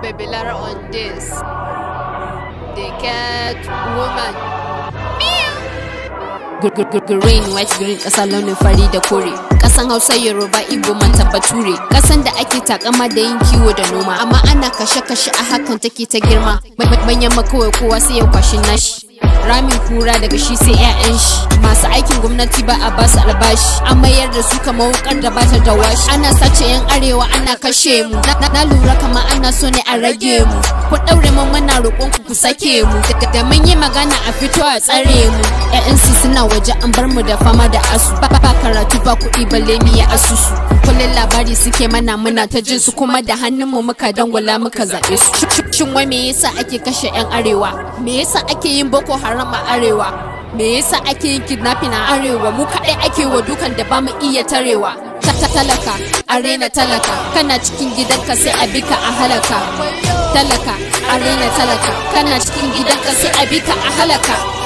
Babylar on this. The cat woman. Green, white, green, ƙasa launin fari da kore. Ƙasan Hausa, Yoruba, Igbo, manta Bature. Ƙasan da ake takama da yin kiwo da noma, amma ana kashe-kashe a hakan take ta girma. Manyan makawai kowa sai ya kwashin nashi. ramin kura daga shi sai 'ya'yan shi masu aikin gwamnati ba a ba su albashi an mayar da su kamar wukar da bata da washi ana sace yan arewa ana kashe mu na lura kamar ana so ne a rage mu ku daure mu muna roƙon ku sake mu da mun yi magana a fito a tsare mu ƴaƴan su suna waje an bar mu da fama da asu ba karatu ba kuɗi ba, lemi ya asusu Kullum labari suke mana muna ta jin su kuma da hannun mu muka dangwala muka zaɓe su shin wai me yasa ake kashe 'yan arewa me yasa ake yin boko haram a arewa me yasa ake yin kidnapping a arewa mu kaɗai ake wa dukan da ba mu iya tarewa ta talaka arena talaka kana cikin gidanka sai a bika a halaka talaka arena talaka kana cikin gidanka sai a bika a halaka